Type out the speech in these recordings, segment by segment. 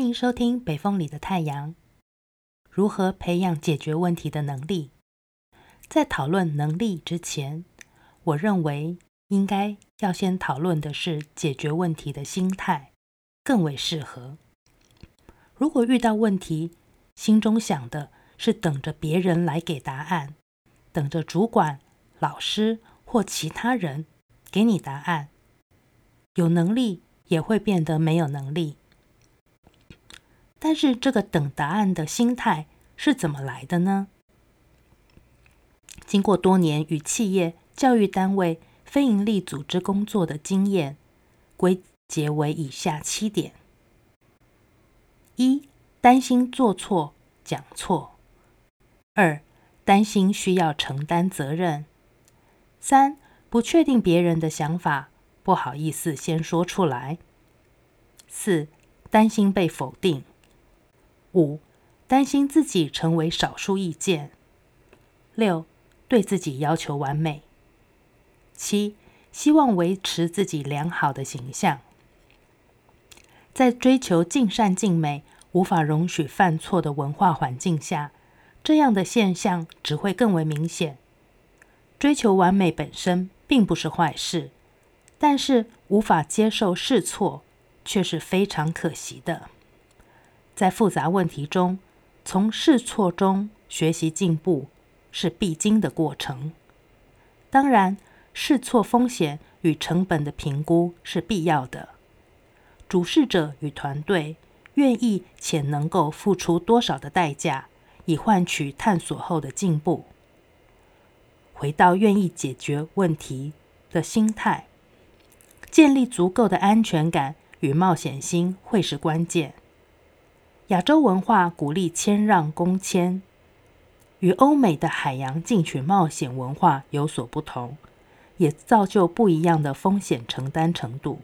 歡迎收聽《北風裡的太陽》。如何培養解決問題的能力？在討論能力之前，我認為應該要先討論的是解決問題的心態，更為適合。如果遇到問題，心中想的是等着別人來給答案，等着主管、老師或其他人給你答案，有能力也會變得沒有能力。但是這個等答案的心態是怎麼來的呢？經過多年與企業、教育單位、非營利組織工作的經驗，歸結為以下七點：一、擔心做錯、講錯；二、擔心需要承擔責任；三、不確定別人的想法，不好意思先說出來；四、擔心被否定。五、擔心自己成為少數意見；六、對自己要求完美；七、希望維持自己良好的形象。在追求盡善盡美、無法容許犯錯的文化環境下，這樣的現象只會更為明顯。追求完美本身並不是壞事，但是無法接受試錯，卻是非常可惜的。在複雜問題中，從試錯中學習進步是必經的過程。當然，試錯風險與成本的評估是必要的。主事者與團隊願意且能夠付出多少的代價，以換取探索後的進步，回到願意解決問題的心態，建立足夠的安全感與冒險心會是關鍵。亞洲文化鼓勵謙讓、恭儉，與歐美的海洋進取、冒險文化有所不同，也造就不一樣的風險承擔程度。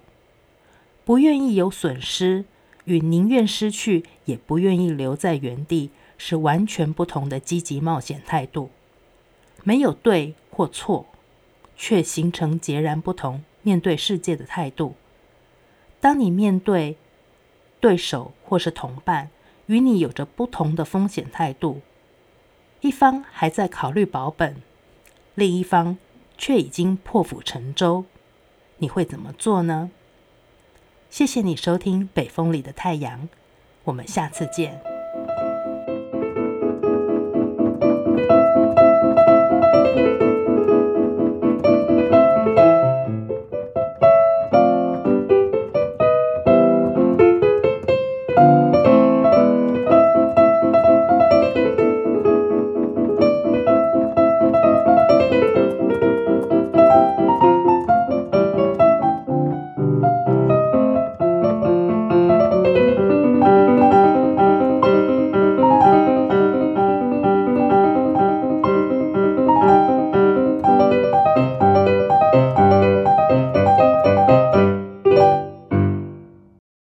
不願意有損失，與寧願失去也不願意留在原地，是完全不同的積極冒險態度。沒有對或錯，卻形成截然不同面對世界的態度。當你面對對手或是同伴，與你有着不同的風險態度，一方還在考慮保本，另一方卻已經破釜沉舟，你會怎麼做呢？謝謝你收聽《北風裡的太陽》，我們下次見。